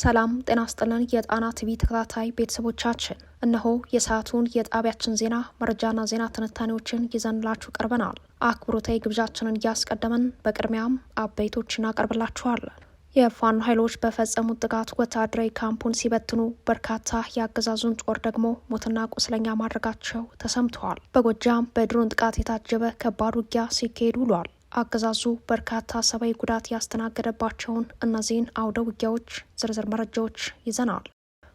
ሰላም ጤና ስጥልን። የጣና ቲቪ ተከታታይ ቤተሰቦቻችን፣ እነሆ የሰዓቱን የጣቢያችን ዜና መረጃና ዜና ትንታኔዎችን ይዘንላችሁ ቀርበናል። አክብሮታዊ ግብዣችንን እያስቀደመን፣ በቅድሚያም አበይቶች እናቀርብላችኋለን። የፋኖ ኃይሎች በፈጸሙት ጥቃት ወታደራዊ ካምፑን ሲበትኑ በርካታ የአገዛዙን ጦር ደግሞ ሞትና ቁስለኛ ማድረጋቸው ተሰምተዋል። በጎጃም በድሮን ጥቃት የታጀበ ከባድ ውጊያ ሲካሄድ ውሏል። አገዛዙ በርካታ ሰብአዊ ጉዳት ያስተናገደባቸውን እነዚህን አውደ ውጊያዎች ዝርዝር መረጃዎች ይዘናል።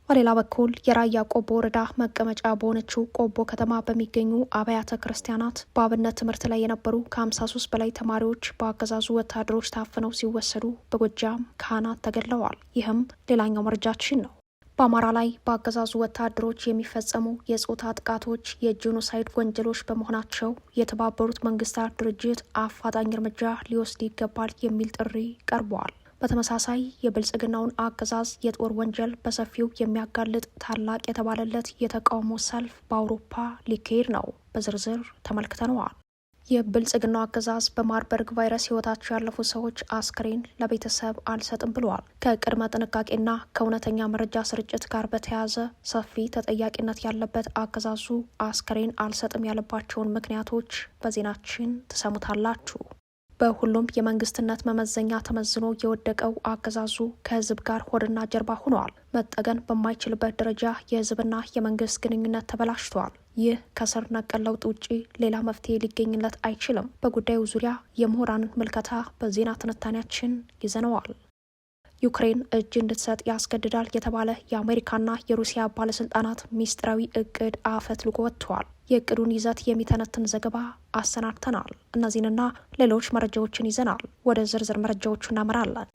በሌላ በኩል የራያ ቆቦ ወረዳ መቀመጫ በሆነችው ቆቦ ከተማ በሚገኙ አብያተ ክርስቲያናት በአብነት ትምህርት ላይ የነበሩ ከ53 በላይ ተማሪዎች በአገዛዙ ወታደሮች ታፍነው ሲወሰዱ፣ በጎጃም ካህናት ተገድለዋል። ይህም ሌላኛው መረጃችን ነው። በአማራ ላይ በአገዛዙ ወታደሮች የሚፈጸሙ የጾታ ጥቃቶች የጄኖሳይድ ወንጀሎች በመሆናቸው የተባበሩት መንግስታት ድርጅት አፋጣኝ እርምጃ ሊወስድ ይገባል የሚል ጥሪ ቀርበዋል። በተመሳሳይ የብልጽግናውን አገዛዝ የጦር ወንጀል በሰፊው የሚያጋልጥ ታላቅ የተባለለት የተቃውሞ ሰልፍ በአውሮፓ ሊካሄድ ነው። በዝርዝር ተመልክተነዋል። የብልጽግናው አገዛዝ በማርበርግ ቫይረስ ህይወታቸው ያለፉ ሰዎች አስክሬን ለቤተሰብ አልሰጥም ብለዋል። ከቅድመ ጥንቃቄና ከእውነተኛ መረጃ ስርጭት ጋር በተያያዘ ሰፊ ተጠያቂነት ያለበት አገዛዙ አስክሬን አልሰጥም ያለባቸውን ምክንያቶች በዜናችን ትሰሙታላችሁ። በሁሉም የመንግስትነት መመዘኛ ተመዝኖ የወደቀው አገዛዙ ከህዝብ ጋር ሆድና ጀርባ ሆነዋል። መጠገን በማይችልበት ደረጃ የህዝብና የመንግስት ግንኙነት ተበላሽተዋል። ይህ ከስር ነቀል ለውጥ ውጪ ሌላ መፍትሄ ሊገኝለት አይችልም። በጉዳዩ ዙሪያ የምሁራንን ምልከታ በዜና ትንታኔያችን ይዘነዋል። ዩክሬን እጅ እንድትሰጥ ያስገድዳል የተባለ የአሜሪካና የሩሲያ ባለስልጣናት ሚስጥራዊ እቅድ አፈትልጎ ወጥቷል። የእቅዱን ይዘት የሚተነትን ዘገባ አሰናድተናል። እነዚህንና ሌሎች መረጃዎችን ይዘናል። ወደ ዝርዝር መረጃዎቹ እናመራለን።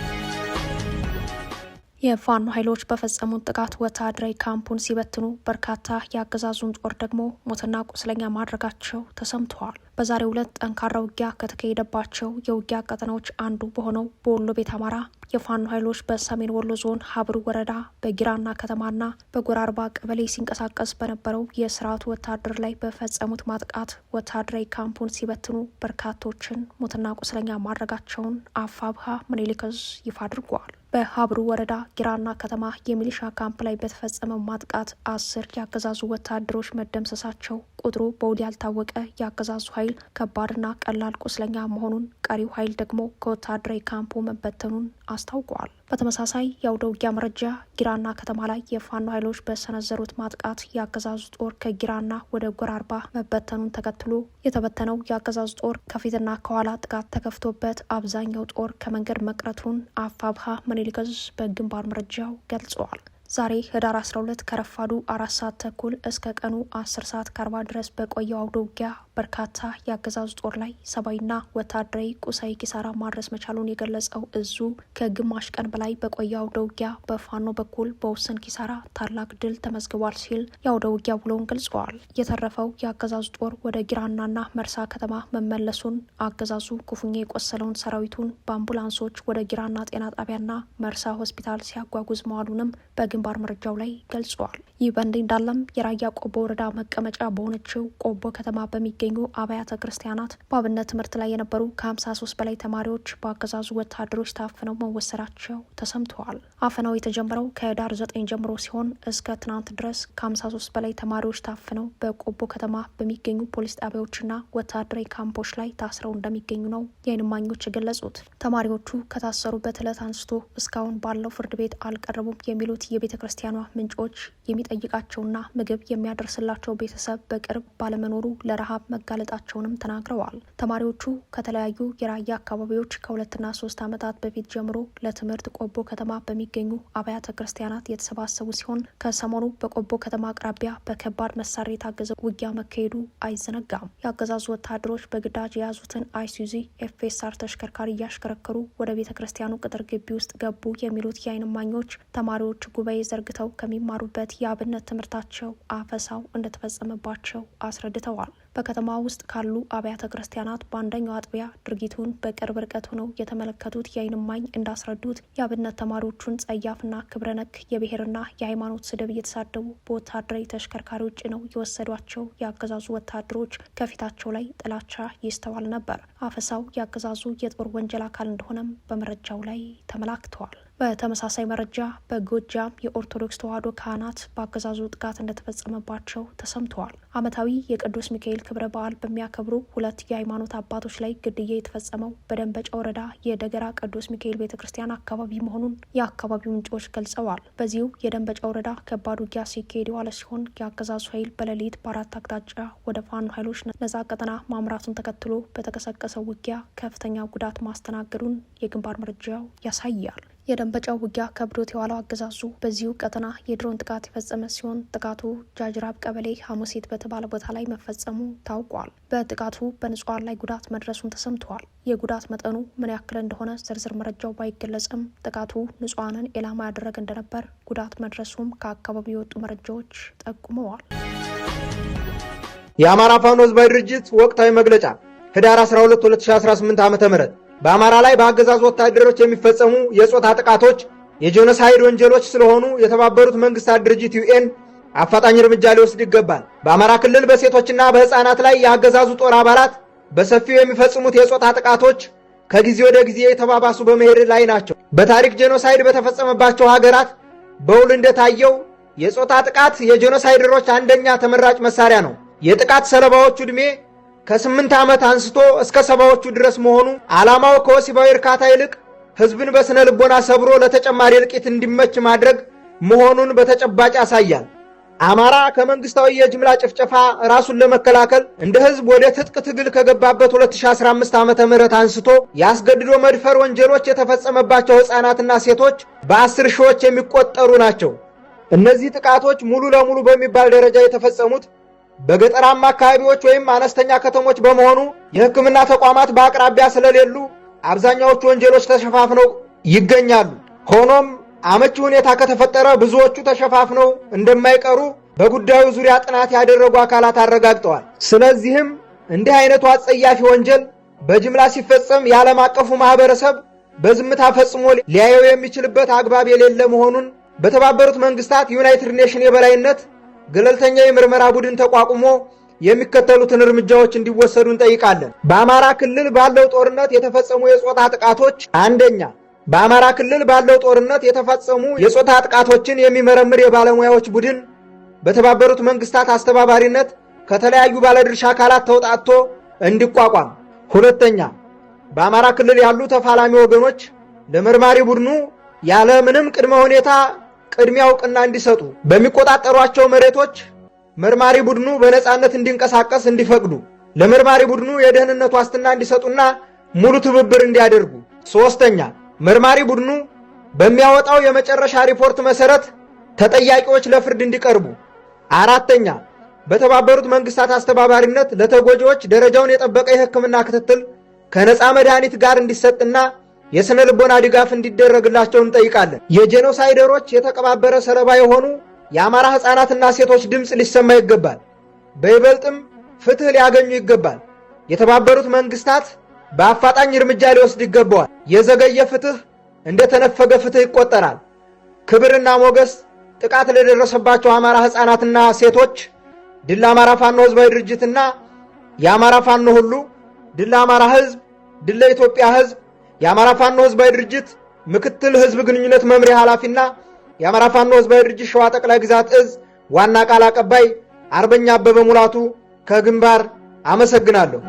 የፋኖ ኃይሎች በፈጸሙት ጥቃት ወታደራዊ ካምፑን ሲበትኑ በርካታ የአገዛዙን ጦር ደግሞ ሞትና ቁስለኛ ማድረጋቸው ተሰምተዋል። በዛሬው ዕለት ጠንካራ ውጊያ ከተካሄደባቸው የውጊያ ቀጠናዎች አንዱ በሆነው በወሎ ቤት አማራ የፋኖ ኃይሎች በሰሜን ወሎ ዞን ሀብሩ ወረዳ በጊራና ከተማና በጎራ አርባ ቀበሌ ሲንቀሳቀስ በነበረው የስርዓቱ ወታደር ላይ በፈጸሙት ማጥቃት ወታደራዊ ካምፑን ሲበትኑ በርካቶችን ሙትና ቁስለኛ ማድረጋቸውን አፋብሃ ምኒልክዝ ይፋ አድርጓል። በሀብሩ ወረዳ ጊራና ከተማ የሚሊሻ ካምፕ ላይ በተፈጸመው ማጥቃት አስር የአገዛዙ ወታደሮች መደምሰሳቸው ቁጥሩ በውል ያልታወቀ የአገዛዙ ኃይል ከባድና ቀላል ቁስለኛ መሆኑን፣ ቀሪው ኃይል ደግሞ ከወታደራዊ ካምፑ መበተኑን አስታውቋል። በተመሳሳይ የአውደ ውጊያ መረጃ ጊራና ከተማ ላይ የፋኖ ኃይሎች በሰነዘሩት ማጥቃት የአገዛዙ ጦር ከጊራና ወደ ጎራርባ መበተኑን ተከትሎ የተበተነው የአገዛዙ ጦር ከፊትና ከኋላ ጥቃት ተከፍቶበት አብዛኛው ጦር ከመንገድ መቅረቱን አፋብሃ መኔሊከዝ በግንባር መረጃው ገልጸዋል። ዛሬ ህዳር 12 ከረፋዱ አራት ሰዓት ተኩል እስከ ቀኑ 10 ሰዓት ከ40 ድረስ በቆየው አውደ ውጊያ በርካታ የአገዛዙ ጦር ላይ ሰብአዊና ወታደራዊ ቁሳዊ ኪሳራ ማድረስ መቻሉን የገለጸው እዙ ከግማሽ ቀን በላይ በቆየው አውደ ውጊያ በፋኖ በኩል በውስን ኪሳራ ታላቅ ድል ተመዝግቧል ሲል የአውደ ውጊያ ውሎውን ገልጸዋል። የተረፈው የአገዛዙ ጦር ወደ ጊራናና መርሳ ከተማ መመለሱን አገዛዙ ክፉኛ የቆሰለውን ሰራዊቱን በአምቡላንሶች ወደ ጊራና ጤና ጣቢያና መርሳ ሆስፒታል ሲያጓጉዝ መዋሉንም በግንባር መረጃው ላይ ገልጸዋል። ይህ በእንዲህ እንዳለም የራያ ቆቦ ወረዳ መቀመጫ በሆነችው ቆቦ ከተማ በሚገኝ በሚገኙ አብያተ ክርስቲያናት በአብነት ትምህርት ላይ የነበሩ ከ53 በላይ ተማሪዎች በአገዛዙ ወታደሮች ታፍነው መወሰዳቸው ተሰምተዋል። አፈናው የተጀመረው ከህዳር 9 ጀምሮ ሲሆን እስከ ትናንት ድረስ ከ53 በላይ ተማሪዎች ታፍነው በቆቦ ከተማ በሚገኙ ፖሊስ ጣቢያዎችና ወታደራዊ ካምፖች ላይ ታስረው እንደሚገኙ ነው የዓይን እማኞች የገለጹት። ተማሪዎቹ ከታሰሩበት ዕለት አንስቶ እስካሁን ባለው ፍርድ ቤት አልቀረቡም የሚሉት የቤተ ክርስቲያኗ ምንጮች የሚጠይቃቸውና ምግብ የሚያደርስላቸው ቤተሰብ በቅርብ ባለመኖሩ ለረሃብ መጋለጣቸውንም ተናግረዋል። ተማሪዎቹ ከተለያዩ የራያ አካባቢዎች ከሁለትና ሶስት ዓመታት በፊት ጀምሮ ለትምህርት ቆቦ ከተማ በሚገኙ አብያተ ክርስቲያናት የተሰባሰቡ ሲሆን ከሰሞኑ በቆቦ ከተማ አቅራቢያ በከባድ መሳሪያ የታገዘ ውጊያ መካሄዱ አይዘነጋም። የአገዛዙ ወታደሮች በግዳጅ የያዙትን አይሱዚ ኤፍኤስአር ተሽከርካሪ እያሽከረከሩ ወደ ቤተ ክርስቲያኑ ቅጥር ግቢ ውስጥ ገቡ የሚሉት የዓይን እማኞች ተማሪዎች ጉባኤ ዘርግተው ከሚማሩበት የአብነት ትምህርታቸው አፈሳው እንደተፈጸመባቸው አስረድተዋል። በከተማ ውስጥ ካሉ አብያተ ክርስቲያናት በአንደኛው አጥቢያ ድርጊቱን በቅርብ ርቀት ሆነው የተመለከቱት የአይን እማኝ እንዳስረዱት የአብነት ተማሪዎቹን ጸያፍና ክብረ ነክ የብሔርና የሃይማኖት ስድብ እየተሳደቡ በወታደራዊ ተሽከርካሪዎች ነው የወሰዷቸው። የአገዛዙ ወታደሮች ከፊታቸው ላይ ጥላቻ ይስተዋል ነበር። አፈሳው የአገዛዙ የጦር ወንጀል አካል እንደሆነም በመረጃው ላይ ተመላክተዋል። በተመሳሳይ መረጃ በጎጃም የኦርቶዶክስ ተዋሕዶ ካህናት በአገዛዙ ጥቃት እንደተፈጸመባቸው ተሰምተዋል። ዓመታዊ የቅዱስ ሚካኤል ክብረ በዓል በሚያከብሩ ሁለት የሃይማኖት አባቶች ላይ ግድያ የተፈጸመው በደንበጫ ወረዳ የደገራ ቅዱስ ሚካኤል ቤተ ክርስቲያን አካባቢ መሆኑን የአካባቢው ምንጮች ገልጸዋል። በዚሁ የደንበጫ ወረዳ ከባድ ውጊያ ሲካሄድ የዋለ ሲሆን የአገዛዙ ኃይል በሌሊት በአራት አቅጣጫ ወደ ፋኖ ኃይሎች ነጻ ቀጠና ማምራቱን ተከትሎ በተቀሰቀሰው ውጊያ ከፍተኛ ጉዳት ማስተናገዱን የግንባር መረጃው ያሳያል። የደንበጫው ውጊያ ከብዶት የዋለው አገዛዙ በዚሁ ቀጠና የድሮን ጥቃት የፈጸመ ሲሆን ጥቃቱ ጃጅራብ ቀበሌ ሐሙሲት በተባለ ቦታ ላይ መፈጸሙ ታውቋል። በጥቃቱ በንጹሐን ላይ ጉዳት መድረሱን ተሰምተዋል። የጉዳት መጠኑ ምን ያክል እንደሆነ ዝርዝር መረጃው ባይገለጽም ጥቃቱ ንጹሐንን ኢላማ ያደረገ እንደነበር ጉዳት መድረሱም ከአካባቢው የወጡ መረጃዎች ጠቁመዋል። የአማራ ፋኖ ህዝባዊ ድርጅት ወቅታዊ መግለጫ ህዳር 12 2018 ዓ ም በአማራ ላይ በአገዛዝ ወታደሮች የሚፈጸሙ የጾታ ጥቃቶች የጄኖሳይድ ወንጀሎች ስለሆኑ የተባበሩት መንግስታት ድርጅት ዩኤን አፋጣኝ እርምጃ ሊወስድ ይገባል። በአማራ ክልል በሴቶችና በህፃናት ላይ የአገዛዙ ጦር አባላት በሰፊው የሚፈጽሙት የጾታ ጥቃቶች ከጊዜ ወደ ጊዜ የተባባሱ በመሄድ ላይ ናቸው። በታሪክ ጄኖሳይድ በተፈጸመባቸው ሀገራት በውል እንደታየው የጾታ ጥቃት የጄኖሳይደሮች አንደኛ ተመራጭ መሳሪያ ነው። የጥቃት ሰለባዎቹ ዕድሜ ከስምንት ዓመት አንስቶ እስከ ሰባዎቹ ድረስ መሆኑ ዓላማው ከወሲባዊ እርካታ ይልቅ ሕዝብን በሥነ ልቦና ሰብሮ ለተጨማሪ እልቂት እንዲመች ማድረግ መሆኑን በተጨባጭ ያሳያል። አማራ ከመንግስታዊ የጅምላ ጭፍጨፋ ራሱን ለመከላከል እንደ ህዝብ ወደ ትጥቅ ትግል ከገባበት 2015 ዓ ም አንስቶ የአስገድዶ መድፈር ወንጀሎች የተፈጸመባቸው ሕፃናትና ሴቶች በአስር ሺዎች የሚቆጠሩ ናቸው። እነዚህ ጥቃቶች ሙሉ ለሙሉ በሚባል ደረጃ የተፈጸሙት በገጠራማ አካባቢዎች ወይም አነስተኛ ከተሞች በመሆኑ የሕክምና ተቋማት በአቅራቢያ ስለሌሉ አብዛኛዎቹ ወንጀሎች ተሸፋፍነው ይገኛሉ። ሆኖም አመቺ ሁኔታ ከተፈጠረ ብዙዎቹ ተሸፋፍነው እንደማይቀሩ በጉዳዩ ዙሪያ ጥናት ያደረጉ አካላት አረጋግጠዋል። ስለዚህም እንዲህ አይነቱ አጸያፊ ወንጀል በጅምላ ሲፈጸም የዓለም አቀፉ ማህበረሰብ በዝምታ ፈጽሞ ሊያየው የሚችልበት አግባብ የሌለ መሆኑን በተባበሩት መንግስታት ዩናይትድ ኔሽን የበላይነት ገለልተኛ የምርመራ ቡድን ተቋቁሞ የሚከተሉትን እርምጃዎች እንዲወሰዱ እንጠይቃለን። በአማራ ክልል ባለው ጦርነት የተፈጸሙ የጾታ ጥቃቶች፣ አንደኛ በአማራ ክልል ባለው ጦርነት የተፈጸሙ የጾታ ጥቃቶችን የሚመረምር የባለሙያዎች ቡድን በተባበሩት መንግስታት አስተባባሪነት ከተለያዩ ባለድርሻ አካላት ተውጣጥቶ እንዲቋቋም። ሁለተኛ በአማራ ክልል ያሉ ተፋላሚ ወገኖች ለመርማሪ ቡድኑ ያለ ምንም ቅድመ ሁኔታ ቅድሚያ እውቅና እንዲሰጡ፣ በሚቆጣጠሯቸው መሬቶች መርማሪ ቡድኑ በነፃነት እንዲንቀሳቀስ እንዲፈቅዱ፣ ለመርማሪ ቡድኑ የደህንነት ዋስትና እንዲሰጡና ሙሉ ትብብር እንዲያደርጉ። ሶስተኛ መርማሪ ቡድኑ በሚያወጣው የመጨረሻ ሪፖርት መሰረት ተጠያቂዎች ለፍርድ እንዲቀርቡ። አራተኛ በተባበሩት መንግስታት አስተባባሪነት ለተጎጂዎች ደረጃውን የጠበቀ የሕክምና ክትትል ከነፃ መድኃኒት ጋር እንዲሰጥና የሥነ ልቦና ድጋፍ እንዲደረግላቸው እንጠይቃለን። የጄኖሳይደሮች የተቀባበረ ሰለባ የሆኑ የአማራ ሕፃናትና ሴቶች ድምፅ ሊሰማ ይገባል። በይበልጥም ፍትሕ ሊያገኙ ይገባል። የተባበሩት መንግስታት በአፋጣኝ እርምጃ ሊወስድ ይገባዋል። የዘገየ ፍትሕ እንደ ተነፈገ ፍትሕ ይቆጠራል። ክብርና ሞገስ ጥቃት ለደረሰባቸው አማራ ሕፃናትና ሴቶች ድል አማራ ፋኖ ህዝባዊ ድርጅትና የአማራ ፋኖ ሁሉ ድል አማራ ህዝብ፣ ድል ለኢትዮጵያ ህዝብ የአማራ ፋኖ ህዝባዊ ድርጅት ምክትል ህዝብ ግንኙነት መምሪያ ኃላፊና የአማራ ፋኖ ህዝባዊ ድርጅት ሸዋ ጠቅላይ ግዛት እዝ ዋና ቃል አቀባይ አርበኛ አበበ ሙላቱ ከግንባር አመሰግናለሁ።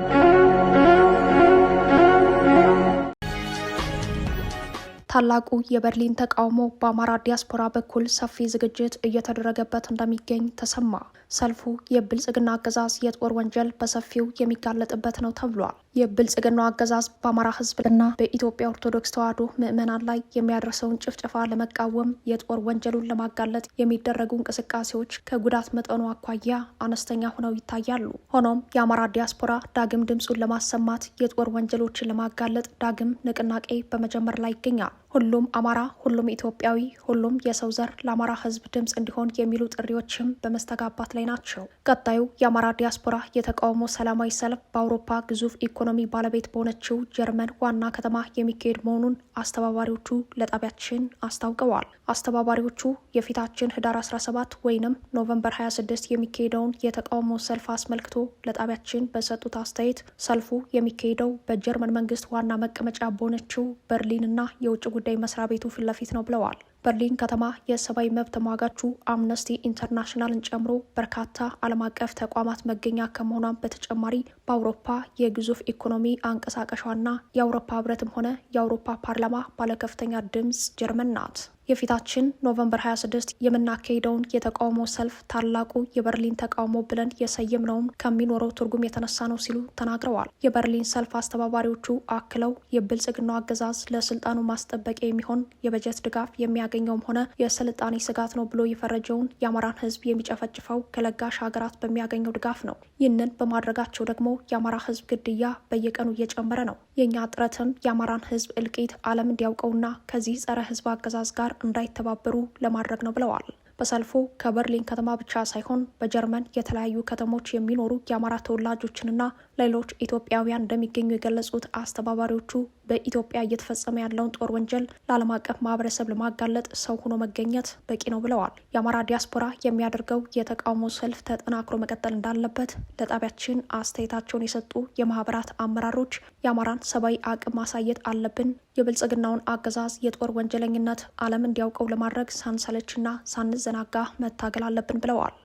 ታላቁ የበርሊን ተቃውሞ በአማራ ዲያስፖራ በኩል ሰፊ ዝግጅት እየተደረገበት እንደሚገኝ ተሰማ። ሰልፉ የብልጽግና አገዛዝ የጦር ወንጀል በሰፊው የሚጋለጥበት ነው ተብሏል። የብልጽግና አገዛዝ በአማራ ሕዝብና በኢትዮጵያ ኦርቶዶክስ ተዋሕዶ ምዕመናን ላይ የሚያደርሰውን ጭፍጨፋ ለመቃወም የጦር ወንጀሉን ለማጋለጥ የሚደረጉ እንቅስቃሴዎች ከጉዳት መጠኑ አኳያ አነስተኛ ሆነው ይታያሉ። ሆኖም የአማራ ዲያስፖራ ዳግም ድምፁን ለማሰማት የጦር ወንጀሎችን ለማጋለጥ ዳግም ንቅናቄ በመጀመር ላይ ይገኛል። ሁሉም አማራ፣ ሁሉም ኢትዮጵያዊ፣ ሁሉም የሰው ዘር ለአማራ ሕዝብ ድምፅ እንዲሆን የሚሉ ጥሪዎችም በመስተጋባት ላይ ናቸው። ቀጣዩ የአማራ ዲያስፖራ የተቃውሞ ሰላማዊ ሰልፍ በአውሮፓ ግዙፍ ኢኮኖሚ ባለቤት በሆነችው ጀርመን ዋና ከተማ የሚካሄድ መሆኑን አስተባባሪዎቹ ለጣቢያችን አስታውቀዋል። አስተባባሪዎቹ የፊታችን ህዳር 17 ወይንም ኖቨምበር 26 የሚካሄደውን የተቃውሞ ሰልፍ አስመልክቶ ለጣቢያችን በሰጡት አስተያየት ሰልፉ የሚካሄደው በጀርመን መንግስት ዋና መቀመጫ በሆነችው በርሊን እና የውጭ ጉዳይ መስሪያ ቤቱ ፊት ለፊት ነው ብለዋል። በርሊን ከተማ የሰብአዊ መብት ተሟጋቹ አምነስቲ ኢንተርናሽናልን ጨምሮ በርካታ ዓለም አቀፍ ተቋማት መገኛ ከመሆኗን በተጨማሪ በአውሮፓ የግዙፍ ኢኮኖሚ አንቀሳቀሿና የአውሮፓ ህብረትም ሆነ የአውሮፓ ፓርላማ ባለከፍተኛ ድምፅ ጀርመን ናት። የፊታችን ኖቨምበር 26 የምናካሄደውን የተቃውሞ ሰልፍ ታላቁ የበርሊን ተቃውሞ ብለን ነውም ከሚኖረው ትርጉም የተነሳ ነው ሲሉ ተናግረዋል። የበርሊን ሰልፍ አስተባባሪዎቹ አክለው የብልጽግናው አገዛዝ ለስልጣኑ ማስጠበቂያ የሚሆን የበጀት ድጋፍ የሚያገኘውም ሆነ የስልጣኔ ስጋት ነው ብሎ የፈረጀውን የአማራን ሕዝብ የሚጨፈጭፈው ከለጋሽ ሀገራት በሚያገኘው ድጋፍ ነው። ይህንን በማድረጋቸው ደግሞ የአማራ ሕዝብ ግድያ በየቀኑ እየጨመረ ነው። የእኛ ጥረትም የአማራን ሕዝብ እልቂት ዓለም እንዲያውቀውና ከዚህ ጸረ ሕዝብ አገዛዝ ጋር እንዳይተባበሩ ለማድረግ ነው ብለዋል። በሰልፉ ከበርሊን ከተማ ብቻ ሳይሆን በጀርመን የተለያዩ ከተሞች የሚኖሩ የአማራ ተወላጆችንና ሌሎች ኢትዮጵያውያን እንደሚገኙ የገለጹት አስተባባሪዎቹ በኢትዮጵያ እየተፈጸመ ያለውን ጦር ወንጀል ለዓለም አቀፍ ማህበረሰብ ለማጋለጥ ሰው ሆኖ መገኘት በቂ ነው ብለዋል። የአማራ ዲያስፖራ የሚያደርገው የተቃውሞ ሰልፍ ተጠናክሮ መቀጠል እንዳለበት ለጣቢያችን አስተያየታቸውን የሰጡ የማህበራት አመራሮች የአማራን ሰብአዊ አቅም ማሳየት አለብን። የብልጽግናውን አገዛዝ የጦር ወንጀለኝነት ዓለም እንዲያውቀው ለማድረግ ሳንሰለችና ሳንዘናጋ መታገል አለብን ብለዋል።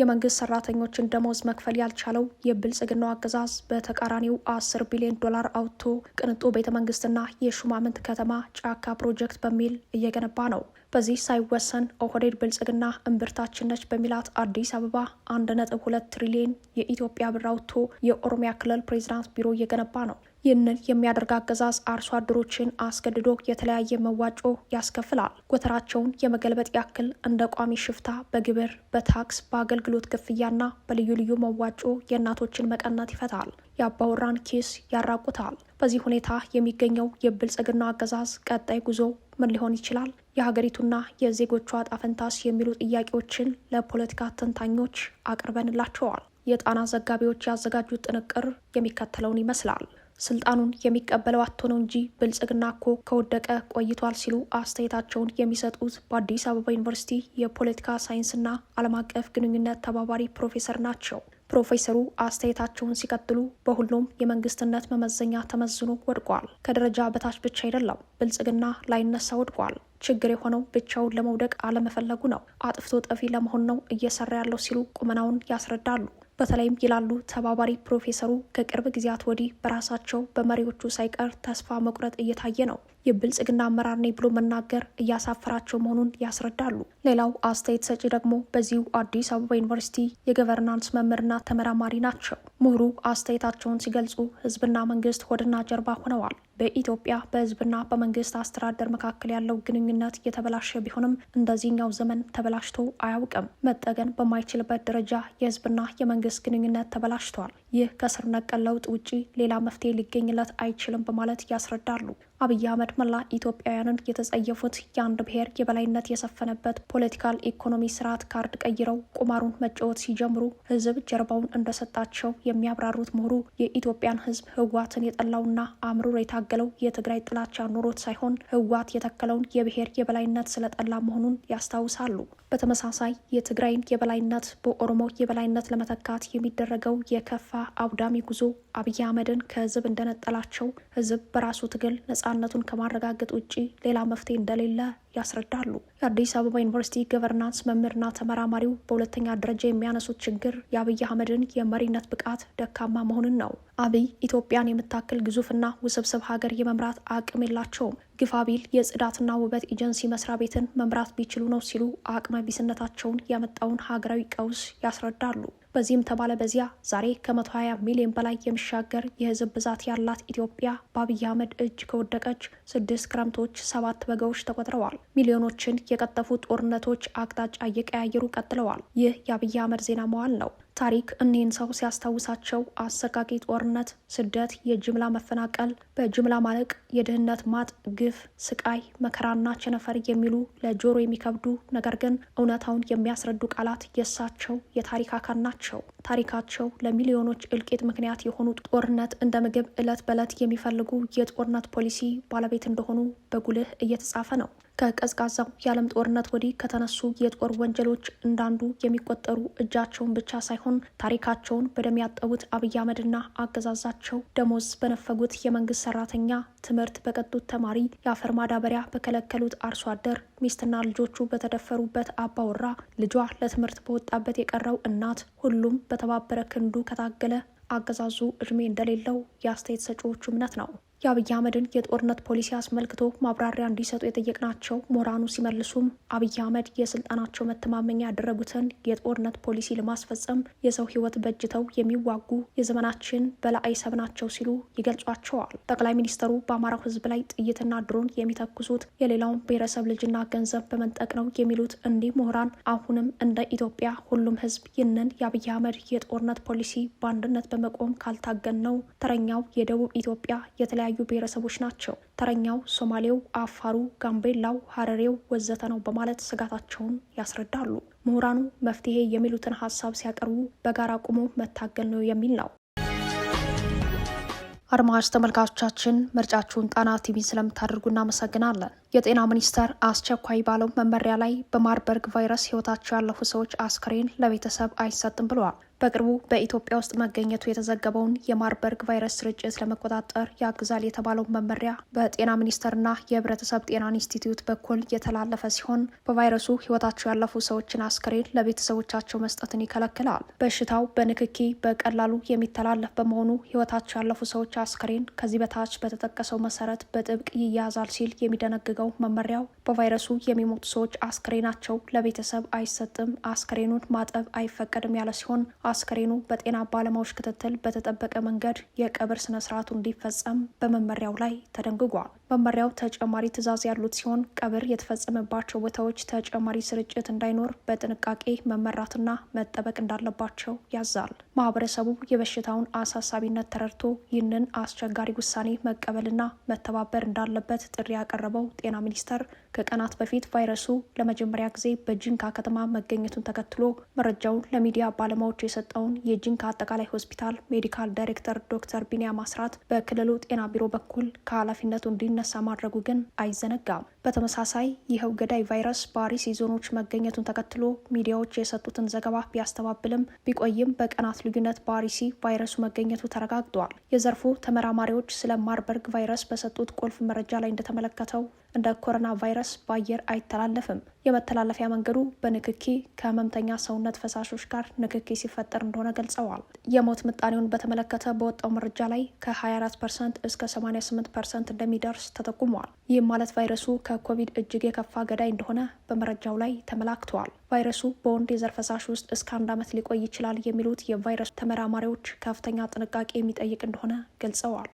የመንግስት ሰራተኞችን ደሞዝ መክፈል ያልቻለው የብልጽግናው አገዛዝ በተቃራኒው አስር ቢሊዮን ዶላር አውጥቶ ቅንጡ ቤተ መንግስትና የሹማምንት ከተማ ጫካ ፕሮጀክት በሚል እየገነባ ነው። በዚህ ሳይወሰን ኦህዴድ ብልጽግና እምብርታችን ነች በሚላት አዲስ አበባ አንድ ነጥብ ሁለት ትሪሊየን የኢትዮጵያ ብር አውጥቶ የኦሮሚያ ክልል ፕሬዚዳንት ቢሮ እየገነባ ነው። ይህንን የሚያደርግ አገዛዝ አርሶ አደሮችን አስገድዶ የተለያየ መዋጮ ያስከፍላል። ጎተራቸውን የመገልበጥ ያክል እንደ ቋሚ ሽፍታ በግብር፣ በታክስ፣ በአገልግሎት ክፍያና በልዩ ልዩ መዋጮ የእናቶችን መቀነት ይፈታል። የአባወራን ኪስ ያራቁታል። በዚህ ሁኔታ የሚገኘው የብልጽግና አገዛዝ ቀጣይ ጉዞ ምን ሊሆን ይችላል? የሀገሪቱና የዜጎቿ ጣፈንታስ የሚሉ ጥያቄዎችን ለፖለቲካ ተንታኞች አቅርበንላቸዋል። የጣና ዘጋቢዎች ያዘጋጁት ጥንቅር የሚከተለውን ይመስላል። ስልጣኑን የሚቀበለው አቶ ነው እንጂ ብልጽግና እኮ ከወደቀ ቆይቷል ሲሉ አስተያየታቸውን የሚሰጡት በአዲስ አበባ ዩኒቨርሲቲ የፖለቲካ ሳይንስና ዓለም አቀፍ ግንኙነት ተባባሪ ፕሮፌሰር ናቸው። ፕሮፌሰሩ አስተያየታቸውን ሲቀጥሉ በሁሉም የመንግስትነት መመዘኛ ተመዝኖ ወድቋል። ከደረጃ በታች ብቻ አይደለም፣ ብልጽግና ላይነሳ ወድቋል። ችግር የሆነው ብቻውን ለመውደቅ አለመፈለጉ ነው። አጥፍቶ ጠፊ ለመሆን ነው እየሰራ ያለው ሲሉ ቁመናውን ያስረዳሉ። በተለይም ይላሉ ተባባሪ ፕሮፌሰሩ ከቅርብ ጊዜያት ወዲህ በራሳቸው በመሪዎቹ ሳይቀር ተስፋ መቁረጥ እየታየ ነው። የብልጽግና አመራር ነኝ ብሎ መናገር እያሳፈራቸው መሆኑን ያስረዳሉ። ሌላው አስተያየት ሰጪ ደግሞ በዚሁ አዲስ አበባ ዩኒቨርሲቲ የገቨርናንስ መምህርና ተመራማሪ ናቸው። ምሁሩ አስተያየታቸውን ሲገልጹ ህዝብና መንግስት ሆድና ጀርባ ሆነዋል። በኢትዮጵያ በህዝብና በመንግስት አስተዳደር መካከል ያለው ግንኙነት የተበላሸ ቢሆንም እንደዚህኛው ዘመን ተበላሽቶ አያውቅም። መጠገን በማይችልበት ደረጃ የህዝብና የመንግስት ግንኙነት ተበላሽተዋል። ይህ ከስር ነቀል ለውጥ ውጪ ሌላ መፍትሄ ሊገኝለት አይችልም በማለት ያስረዳሉ። አብይ አህመድ መላ ኢትዮጵያውያንን የተጸየፉት የአንድ ብሔር የበላይነት የሰፈነበት ፖለቲካል ኢኮኖሚ ስርዓት ካርድ ቀይረው ቁማሩን መጫወት ሲጀምሩ ህዝብ ጀርባውን እንደሰጣቸው የሚያብራሩት ምሁሩ የኢትዮጵያን ህዝብ ህዋትን የጠላውና አምርሮ የታገለው የትግራይ ጥላቻ ኑሮት ሳይሆን ህዋት የተከለውን የብሔር የበላይነት ስለጠላ መሆኑን ያስታውሳሉ። በተመሳሳይ የትግራይን የበላይነት በኦሮሞ የበላይነት ለመተካት የሚደረገው የከፋ አውዳሚ ጉዞ አብይ አህመድን ከህዝብ እንደነጠላቸው ህዝብ በራሱ ትግል ነጻነቱን ከማረጋገጥ ውጪ ሌላ መፍትሄ እንደሌለ ያስረዳሉ። የአዲስ አበባ ዩኒቨርሲቲ ገቨርናንስ መምህርና ተመራማሪው በሁለተኛ ደረጃ የሚያነሱት ችግር የአብይ አህመድን የመሪነት ብቃት ደካማ መሆንን ነው። አብይ ኢትዮጵያን የምታክል ግዙፍና ውስብስብ ሀገር የመምራት አቅም የላቸውም። ግፋቢል የጽዳትና ውበት ኤጀንሲ መስሪያ ቤትን መምራት ቢችሉ ነው ሲሉ አቅመ ቢስነታቸውን ያመጣውን ሀገራዊ ቀውስ ያስረዳሉ። በዚህም ተባለ በዚያ ዛሬ ከ120 ሚሊዮን በላይ የሚሻገር የህዝብ ብዛት ያላት ኢትዮጵያ በአብይ አህመድ እጅ ከወደቀች ስድስት ክረምቶች፣ ሰባት በጋዎች ተቆጥረዋል። ሚሊዮኖችን የቀጠፉ ጦርነቶች አቅጣጫ እየቀያየሩ ቀጥለዋል። ይህ የአብይ አህመድ ዜና መዋል ነው። ታሪክ እኒህን ሰው ሲያስታውሳቸው አሰቃቂ ጦርነት፣ ስደት፣ የጅምላ መፈናቀል፣ በጅምላ ማለቅ፣ የድህነት ማጥ፣ ግፍ፣ ስቃይ፣ መከራና ቸነፈር የሚሉ ለጆሮ የሚከብዱ ነገር ግን እውነታውን የሚያስረዱ ቃላት የእሳቸው የታሪክ አካል ናቸው። ታሪካቸው ለሚሊዮኖች እልቂት ምክንያት የሆኑ ጦርነት እንደ ምግብ ዕለት በዕለት የሚፈልጉ የጦርነት ፖሊሲ ባለቤት እንደሆኑ በጉልህ እየተጻፈ ነው። ከቀዝቃዛው የዓለም ጦርነት ወዲህ ከተነሱ የጦር ወንጀሎች እንዳንዱ የሚቆጠሩ እጃቸውን ብቻ ሳይሆን ታሪካቸውን በደም ያጠቡት አብይ አህመድና አገዛዛቸው ደሞዝ በነፈጉት የመንግስት ሰራተኛ፣ ትምህርት በቀጡት ተማሪ፣ የአፈር ማዳበሪያ በከለከሉት አርሶ አደር፣ ሚስትና ልጆቹ በተደፈሩበት አባወራ፣ ልጇ ለትምህርት በወጣበት የቀረው እናት፣ ሁሉም በተባበረ ክንዱ ከታገለ አገዛዙ እድሜ እንደሌለው የአስተያየት ሰጪዎቹ እምነት ነው። የአብይ አህመድን የጦርነት ፖሊሲ አስመልክቶ ማብራሪያ እንዲሰጡ የጠየቅናቸው ምሁራኑ ሲመልሱም አብይ አህመድ የስልጣናቸው መተማመኛ ያደረጉትን የጦርነት ፖሊሲ ለማስፈጸም የሰው ሕይወት በእጅተው የሚዋጉ የዘመናችን በላይ ናቸው ሲሉ ይገልጿቸዋል። ጠቅላይ ሚኒስተሩ በአማራው ህዝብ ላይ ጥይትና ድሮን የሚተኩሱት የሌላውን ብሔረሰብ ልጅና ገንዘብ በመንጠቅ ነው የሚሉት እንዲህ ምሁራን አሁንም እንደ ኢትዮጵያ ሁሉም ሕዝብ ይህንን የአብይ አህመድ የጦርነት ፖሊሲ በአንድነት በመቆም ካልታገን ነው ተረኛው የደቡብ ኢትዮጵያ የተለያዩ የተለያዩ ብሔረሰቦች ናቸው። ተረኛው ሶማሌው፣ አፋሩ፣ ጋምቤላው፣ ሀረሬው ወዘተ ነው በማለት ስጋታቸውን ያስረዳሉ። ምሁራኑ መፍትሄ የሚሉትን ሀሳብ ሲያቀርቡ በጋራ ቆሞ መታገል ነው የሚል ነው። አድማጭ ተመልካቾቻችን ምርጫችሁን ጣና ቲቪ ስለምታደርጉ እናመሰግናለን። የጤና ሚኒስቴር አስቸኳይ ባለው መመሪያ ላይ በማርበርግ ቫይረስ ህይወታቸው ያለፉ ሰዎች አስክሬን ለቤተሰብ አይሰጥም ብለዋል። በቅርቡ በኢትዮጵያ ውስጥ መገኘቱ የተዘገበውን የማርበርግ ቫይረስ ስርጭት ለመቆጣጠር ያግዛል የተባለው መመሪያ በጤና ሚኒስቴርና የህብረተሰብ ጤና ኢንስቲትዩት በኩል የተላለፈ ሲሆን በቫይረሱ ህይወታቸው ያለፉ ሰዎችን አስክሬን ለቤተሰቦቻቸው መስጠትን ይከለክላል። በሽታው በንክኪ በቀላሉ የሚተላለፍ በመሆኑ ህይወታቸው ያለፉ ሰዎች አስክሬን ከዚህ በታች በተጠቀሰው መሰረት በጥብቅ ይያዛል ሲል የሚደነግግ የሚፈልገው መመሪያው በቫይረሱ የሚሞቱ ሰዎች አስክሬናቸው ለቤተሰብ አይሰጥም፣ አስክሬኑን ማጠብ አይፈቀድም ያለ ሲሆን አስክሬኑ በጤና ባለሙያዎች ክትትል በተጠበቀ መንገድ የቀብር ስነስርዓቱ እንዲፈጸም በመመሪያው ላይ ተደንግጓል። መመሪያው ተጨማሪ ትዕዛዝ ያሉት ሲሆን ቀብር የተፈጸመባቸው ቦታዎች ተጨማሪ ስርጭት እንዳይኖር በጥንቃቄ መመራትና መጠበቅ እንዳለባቸው ያዛል። ማህበረሰቡ የበሽታውን አሳሳቢነት ተረድቶ ይህንን አስቸጋሪ ውሳኔ መቀበልና መተባበር እንዳለበት ጥሪ ያቀረበው ጤና ሚኒስቴር ከቀናት በፊት ቫይረሱ ለመጀመሪያ ጊዜ በጂንካ ከተማ መገኘቱን ተከትሎ መረጃውን ለሚዲያ ባለሙያዎች የሰጠውን የጂንካ አጠቃላይ ሆስፒታል ሜዲካል ዳይሬክተር ዶክተር ቢኒያ ማስራት በክልሉ ጤና ቢሮ በኩል ከኃላፊነቱ እንዲነሳ ማድረጉ ግን አይዘነጋም። በተመሳሳይ ይኸው ገዳይ ቫይረስ በአሪ ዞኖች መገኘቱን ተከትሎ ሚዲያዎች የሰጡትን ዘገባ ቢያስተባብልም ቢቆይም በቀናት ልዩነት በአርሲ ቫይረሱ መገኘቱ ተረጋግጧል። የዘርፉ ተመራማሪዎች ስለ ማርበርግ ቫይረስ በሰጡት ቁልፍ መረጃ ላይ እንደተመለከተው እንደ ኮሮና ቫይረስ በአየር አይተላለፍም። የመተላለፊያ መንገዱ በንክኪ ከህመምተኛ ሰውነት ፈሳሾች ጋር ንክኪ ሲፈጠር እንደሆነ ገልጸዋል። የሞት ምጣኔውን በተመለከተ በወጣው መረጃ ላይ ከ24 ፐርሰንት እስከ 88 ፐርሰንት እንደሚደርስ ተጠቁመዋል። ይህም ማለት ቫይረሱ ከኮቪድ እጅግ የከፋ ገዳይ እንደሆነ በመረጃው ላይ ተመላክተዋል። ቫይረሱ በወንድ የዘር ፈሳሽ ውስጥ እስከ አንድ ዓመት ሊቆይ ይችላል የሚሉት የቫይረሱ ተመራማሪዎች ከፍተኛ ጥንቃቄ የሚጠይቅ እንደሆነ ገልጸዋል።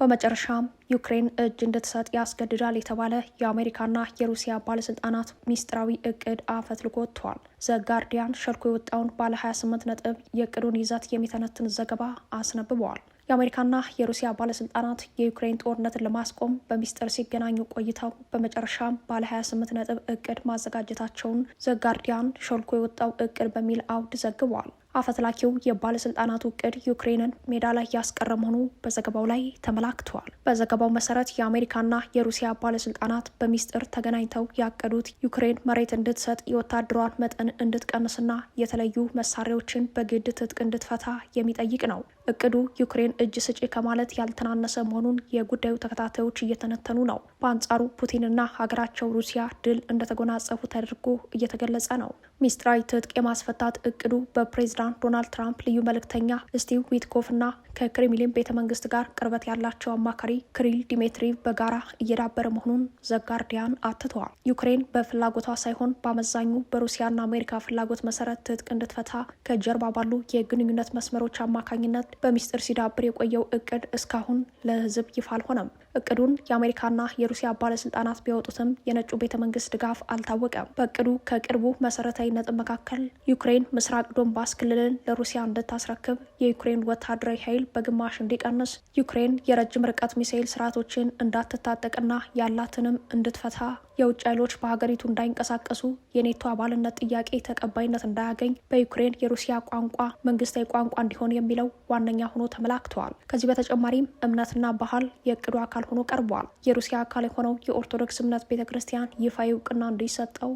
በመጨረሻም ዩክሬን እጅ እንድትሰጥ ያስገድዳል የተባለ የአሜሪካና የሩሲያ ባለስልጣናት ሚስጥራዊ እቅድ አፈትልኮ ወጥቷል። ዘጋርዲያን ሸልኮ የወጣውን ባለ 28 ነጥብ የእቅዱን ይዘት የሚተነትን ዘገባ አስነብበዋል። የአሜሪካና የሩሲያ ባለስልጣናት የዩክሬን ጦርነትን ለማስቆም በሚስጥር ሲገናኙ ቆይተው በመጨረሻም ባለ 28 ነጥብ እቅድ ማዘጋጀታቸውን ዘጋርዲያን ሾልኮ የወጣው እቅድ በሚል አውድ ዘግቧል። አፈትላኪው የባለስልጣናቱ እቅድ ዩክሬንን ሜዳ ላይ ያስቀረ መሆኑ በዘገባው ላይ ተመላክተዋል። በዘገባው መሰረት የአሜሪካና የሩሲያ ባለስልጣናት በሚስጥር ተገናኝተው ያቀዱት ዩክሬን መሬት እንድትሰጥ የወታደሯን መጠን እንድትቀንስና የተለዩ መሳሪያዎችን በግድ ትጥቅ እንድትፈታ የሚጠይቅ ነው። እቅዱ ዩክሬን እጅ ስጪ ከማለት ያልተናነሰ መሆኑን የጉዳዩ ተከታታዮች እየተነተኑ ነው። በአንጻሩ ፑቲንና ሀገራቸው ሩሲያ ድል እንደተጎናጸፉ ተደርጎ እየተገለጸ ነው። ሚስጥራዊ ትጥቅ የማስፈታት እቅዱ በፕሬዝዳንት ዶናልድ ትራምፕ ልዩ መልእክተኛ ስቲቭ ዊትኮፍ እና ከክሬምሊን ቤተ መንግስት ጋር ቅርበት ያላቸው አማካሪ ክሪል ዲሜትሪቭ በጋራ እየዳበረ መሆኑን ዘጋርዲያን አትተዋል። ዩክሬን በፍላጎቷ ሳይሆን በአመዛኙ በሩሲያና አሜሪካ ፍላጎት መሰረት ትጥቅ እንድትፈታ ከጀርባ ባሉ የግንኙነት መስመሮች አማካኝነት በሚስጥር ሲዳብር የቆየው እቅድ እስካሁን ለህዝብ ይፋ አልሆነም። እቅዱን የአሜሪካና የሩሲያ ባለስልጣናት ቢያወጡትም የነጩ ቤተ መንግስት ድጋፍ አልታወቀም። በእቅዱ ከቅርቡ መሰረታዊ ነጥብ መካከል ዩክሬን ምስራቅ ዶንባስ ክልልን ለሩሲያ እንድታስረክብ፣ የዩክሬን ወታደራዊ ኃይል በግማሽ እንዲቀንስ፣ ዩክሬን የረጅም ርቀት ሚሳኤል ስርዓቶችን እንዳትታጠቅና ያላትንም እንድትፈታ የውጭ ኃይሎች በሀገሪቱ እንዳይንቀሳቀሱ የኔቶ አባልነት ጥያቄ ተቀባይነት እንዳያገኝ በዩክሬን የሩሲያ ቋንቋ መንግስታዊ ቋንቋ እንዲሆን የሚለው ዋነኛ ሆኖ ተመላክተዋል። ከዚህ በተጨማሪም እምነትና ባህል የእቅዱ አካል ሆኖ ቀርበዋል። የሩሲያ አካል የሆነው የኦርቶዶክስ እምነት ቤተ ክርስቲያን ይፋ እውቅና እንዲሰጠው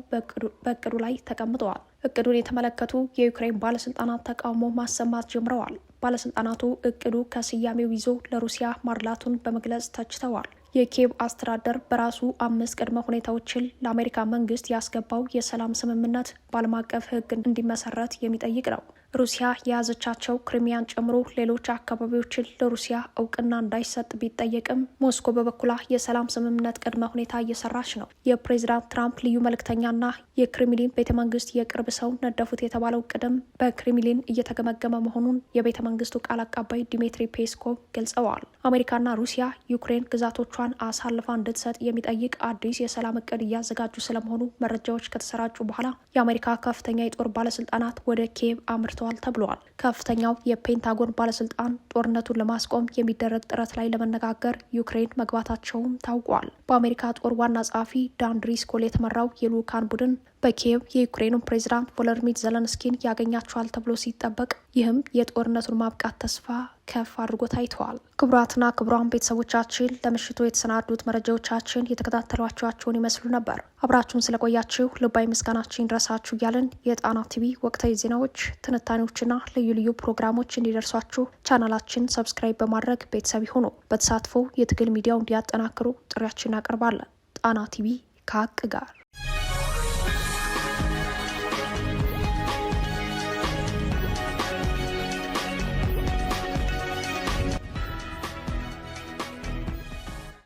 በእቅዱ ላይ ተቀምጠዋል። እቅዱን የተመለከቱ የዩክሬን ባለስልጣናት ተቃውሞ ማሰማት ጀምረዋል። ባለስልጣናቱ እቅዱ ከስያሜው ይዞ ለሩሲያ ማርላቱን በመግለጽ ተችተዋል። የኪየቭ አስተዳደር በራሱ አምስት ቅድመ ሁኔታዎችን ለአሜሪካ መንግስት ያስገባው የሰላም ስምምነት በዓለም አቀፍ ሕግ እንዲመሰረት የሚጠይቅ ነው። ሩሲያ የያዘቻቸው ክሪሚያን ጨምሮ ሌሎች አካባቢዎችን ለሩሲያ እውቅና እንዳይሰጥ ቢጠየቅም ሞስኮ በበኩላ የሰላም ስምምነት ቅድመ ሁኔታ እየሰራች ነው። የፕሬዚዳንት ትራምፕ ልዩ መልእክተኛና የክሪምሊን ቤተ መንግስት የቅርብ ሰው ነደፉት የተባለው ቅድም በክሪምሊን እየተገመገመ መሆኑን የቤተ መንግስቱ ቃል አቀባይ ዲሜትሪ ፔስኮቭ ገልጸዋል። አሜሪካና ሩሲያ ዩክሬን ግዛቶቿን አሳልፋ እንድትሰጥ የሚጠይቅ አዲስ የሰላም እቅድ እያዘጋጁ ስለመሆኑ መረጃዎች ከተሰራጩ በኋላ የአሜሪካ ከፍተኛ የጦር ባለስልጣናት ወደ ኪየቭ አምርተ ተከፍተዋል ተብለዋል። ከፍተኛው የፔንታጎን ባለስልጣን ጦርነቱን ለማስቆም የሚደረግ ጥረት ላይ ለመነጋገር ዩክሬን መግባታቸውም ታውቋል። በአሜሪካ ጦር ዋና ጸሐፊ ዳን የተመራው የሉካን ቡድን በኪየቭ የዩክሬኑ ፕሬዚዳንት ቮሎዲሚር ዘለንስኪን ያገኛቸዋል ተብሎ ሲጠበቅ ይህም የጦርነቱን ማብቃት ተስፋ ከፍ አድርጎ ታይተዋል። ክቡራትና ክቡራን ቤተሰቦቻችን ለምሽቱ የተሰናዱት መረጃዎቻችን የተከታተሏቸኋቸውን ይመስሉ ነበር። አብራችሁን ስለቆያችሁ ልባዊ ምስጋናችን ይድረሳችሁ እያለን የጣና ቲቪ ወቅታዊ ዜናዎች፣ ትንታኔዎችና ልዩ ልዩ ፕሮግራሞች እንዲደርሷችሁ ቻናላችን ሰብስክራይብ በማድረግ ቤተሰብ ይሁኑ። በተሳትፎ የትግል ሚዲያው እንዲያጠናክሩ ጥሪያችን እናቀርባለን። ጣና ቲቪ ከሀቅ ጋር